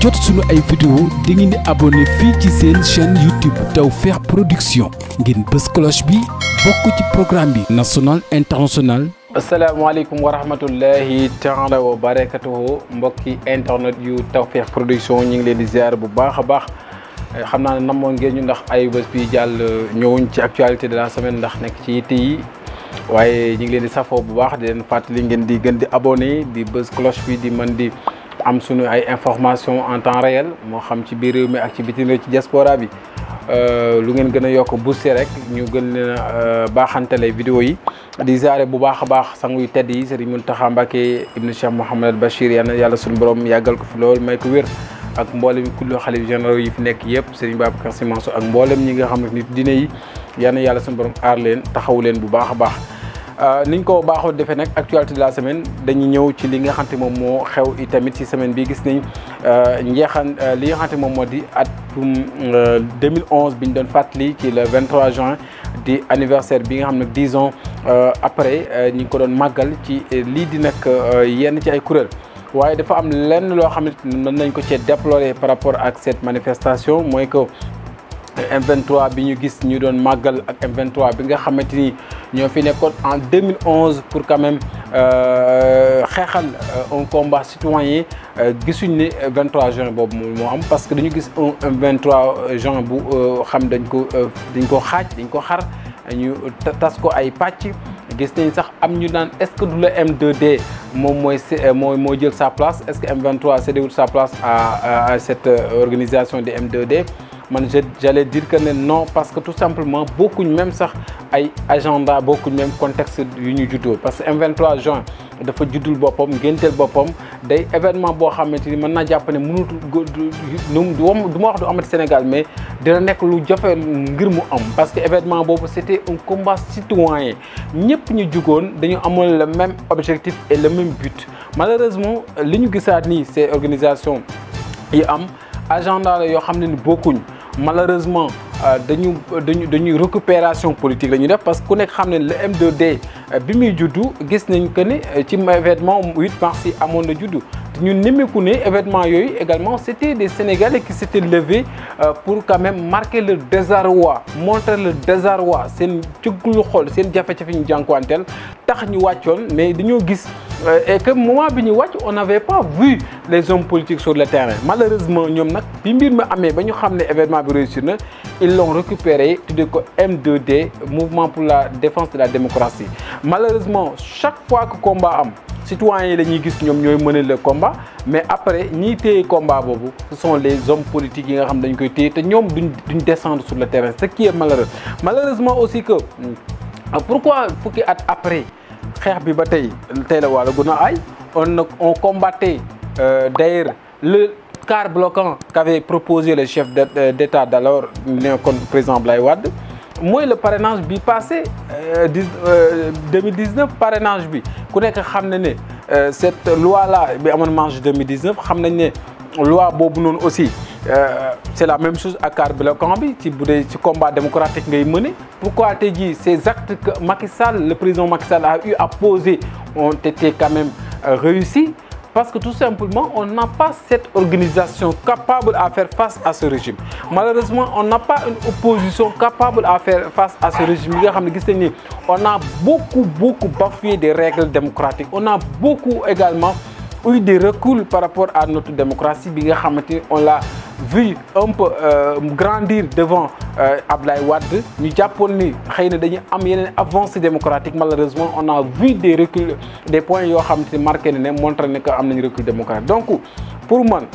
jot suñu ay vidéo da ngeen di abonné fii ci seen chaîne YouTube Tawfekh Production ngir bës cloche bi bokk ci programme bi national international asalaamaaleykum wa rahmatullahi taala wa barakatuhu mbokki internet yu Tawfekh Production ñu ngi leen di ziar bu baax a baax xam naa ne namoon ngeen ñu ndax ay bés bi jàll ñëwuñ ci actualité de la semaine ndax nekk ci yitte yi waaye ñu ngi leen di safoo bu baax di leen fàttali ngeen di gën di abonné di bës cloche bi di mën di am suñu ay information en temps réel moo xam ci biir réew mi ak ci bitim réew ci diaspora bi euh, lu ngeen gën a yokk booster rek ñu gën leen a euh, baaxantale vidéo yi di ziare bu baax a baax sanguy tedd yi Serigne Mountakha Mbacké ibnu Cheikh Mouhamadul Bachir yal na yàlla suñu borom yàggal ko fi loolu may ko wér ak mboolem kullu xalif généraux yi fi nekk yëpp Serigne Babacar Sy Mansour ak mboolem ñi nga xam ne nit diine yi yal na yàlla suñu borom aar leen taxaw leen bu baax a baax Euh, niñ ko baaxoo defee nag actualité de la semaine dañu ñëw ci li nga xamante moom moo xew i ci semaine bi gis nañ euh, njeexan euh, li nga xamante moom moo di atum 2011 bi ñu doon fàttali ci le 23 juin di anniversaire bi nga xam ne 10 ans après ñu ngi ko doon màggal ci lii di nag yenn ci ay kuréel. waaye dafa am lenn loo xam ne mën nañ ko cee déplorer par rapport ak cette manifestation mooy ko M23 bi ñu gis ñu doon màggal ak M23 bi nga xamante ni. ñoo fi nekkoon en 2011 pour quand même euh, xeexal euh, un combat citoyen euh, gisuñ ni 23 juin boobu moo am parce que dañu gis un 23 juin bu xam dañ ko dañ ko xaaj dañ ko xar ñu tas ko ay pàcc gis nañ sax am ñu naan est-ce que du la m moom mooy mooy moo jël sa place est-ce que M23 cédéwul sa place à à organisation de m 2 man j'allais dire que ne non parce que tout simplement bokkuñ même sax ay agenda bokkuñ même contexte yu ñu juddoo parce que M23 juin dafa juddul boppam ngénteel boppam day événement boo xamante ni mën naa jàpp ne mënut du ma wax du amati Sénégal mais dana nekk lu jafe ngir mu am parce que événement boobu c'était un combat citoyen ñëpp ñu jugoon dañu amoon le même objectif et le même but malheureusement li ñu gisaat nii ces organisations yi am agenda yoo xam ne ni bokkuñ malheureusement euh, dañu dañu dañuy récupération politique la ñuy def parce que ku nekk xam ne le bi muy juddu gis nañ que ni ci événement 8 mars yi amoon na juddu ñu nemmeeku ni événement yooyu également c' étaient des sénégalais qui s' étaient euh, pour quand même marquer le désarroi montrer le désarroi seen cëggulu xool seen jafe-jafe ñu jànkuwanteel tax ñu wàccoon mais dañoo gis euh, et que moment bi ñu wàcc on n'avait pas vu les hommes politiques sur le terrain malheureusement ñoom nag bi mbir mi amee ba ñu xam ne événement bi réussir na il l'ont récupéré tuddee ko m 2 mouvement pour la défense de la démocratie malheureusement chaque fois que combat am citoyens yi la ñuy gis ñoom ñooy mener le combat mais après ñiy téye combat boobu ce sont les hommes politiques yi nga xam dañ koy téye te ñoom duñ duñ descendre sur le terrain ce qui est malheureux malheureusement aussi que euh, pourquoi fukki at après xeex bi ba tey tey la wàllu gën a aay on on combattait euh, d'ailleurs le quart bloquant qu'avait proposer le chef euh, d'État d'alors le président Blaye Wade mooy le parrainage bi passé euh, dix euh, deux mille dix neuf bi ku nekk xam na ne euh, cette loi la bi amoon mars deux mille dix neuf xam nañ ne loi boobu noonu aussi c' est la même chose ak car bloquant bi ci bu dee ci combat démocratique ngay mëne pourquoi tey jii ces actes que Macky Sall le président Macky Sall a eu à ont été quand même réussis parce que tout simplement, on n'a pas cette organisation capable à faire face à ce régime. Malheureusement, on n'a pas une opposition capable à faire face à ce régime. On a beaucoup, beaucoup bafoué des règles démocratiques. On a beaucoup également eu des reculs par rapport à notre démocratie. On l'a vu un peu euh, grandir devant euh, Ablaye Wade ñu jàppoon ni xëy na dañu am yeneen avancée démocratique malheureusement on a vu des reculs des points yoo xam ne marqué na ne montré ne que am nañu recul démocratique donc pour man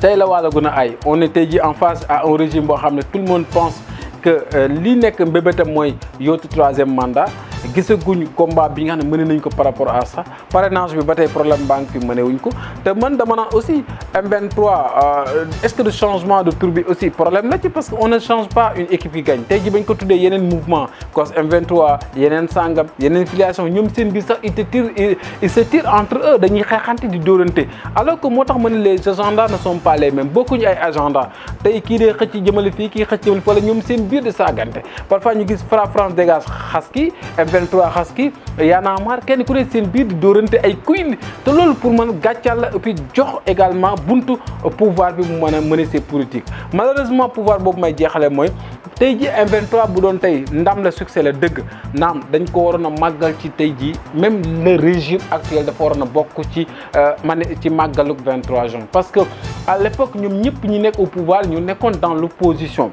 tey la waala gën ay on est tey ji en face à un régime boo xam ne tout le monde pense que euh, li nekk mbébétam mooy yootu troisième mandat gisaguñ combat bi nga xam ne mëne nañ ko par rapport à ça parrainage bi ba tey problème banque fi mëne wuñ ko te man dama aussi M23 euh, est-ce que le changement de tour aussi problème la ci parce que on ne change pas une équipe qui gagne tey ji ko tuddee yeneen mouvement cos M23 yeneen sangam yeneen filiation ñoom seen biir sax ils se tirent entre eux dañuy xeexante di dóorante alors que moo tax ma ne les agendas ne sont pas fii kii xëcc jëmale fii wala ñoom seen biir di saagante parfois M23 Xaski Y'en a marre kenn ku ne seen biir di dóorante ay kuy te pour man gàccal et jox également buntu pouvoir bi mu mën a mener ses politiques malheureusement pouvoir boobu may jeexale mooy tey ji m bu doon tey ndam la succès la dëgg naam dañ ko waroon a màggal ci tey ji même le régime actuel dafa waroon a bokk ci euh, man ci màggaluk 23 juin parce que à l'époque ñoom ñëpp ñi nekk au pouvoir ñu nekkoon dans l'opposition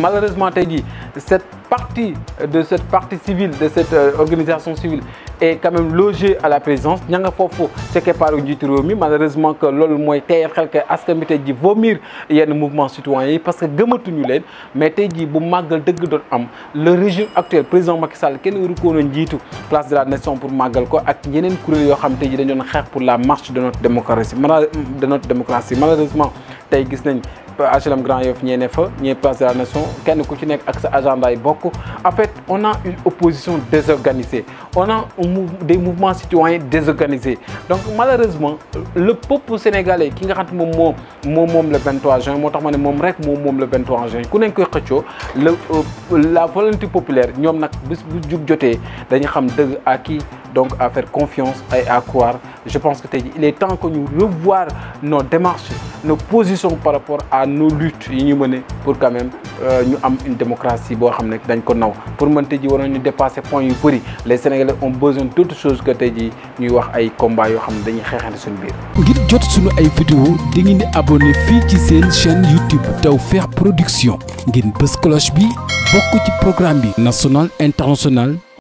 malheureusement tey ji cette partie euh, de cette partie civile, de cette euh, organisation civile est quand même logée à la présidence ña nga foofu ce qui est par njiitu réew malheureusement que loolu mooy teyal xel que askan bi tey ji vomir yenn mouvement citoyen yi parce que gëmatuñu leen mais tey ji bu màggal dëgg doon am le régime actuel président Macky Sall kenn waru ko woon njiitu place de la nation pour màggal ko ak yeneen kuréel yoo xam tey ji dañu doon pour la marche de notre démocratie de notre démocratie malheureusement tey gis HLM Grand Yoff ñee ne fa ñee place de la nation kenn ku ci nekk ak sa agenda yi bokk en fait on a une opposition désorganisée on a des mouvements citoyens désorganisés donc malheureusement le peuple sénégalais ki nga xam te moom moo moom moom le 23 juin moo tax ma ne moom rek moom moom le 23 juin ku nekk koy xëccoo la euh, la volonté populaire ñoom nag bis bu jug jotee dañu xam dëgg à kii donc à faire confiance et à Je pense que il est temps que ñu revoir nos démarches, nos positions par rapport à nos yi ñu mener pour quand même euh, ñu am avons une démocratie xam ne dañ ko naw pour mën te ji wara ñu dépasser point yu bari les sénégalais ont besoin d'autres choses que te ji ñuy wax ay combat xam ne dañuy xéxante suñu biir ngir jot suñu ay vidéo da ngeen di abonné fii ci seen chaîne YouTube Tawfekh Production ngeen bës cloche bi bokk ci programme bi national international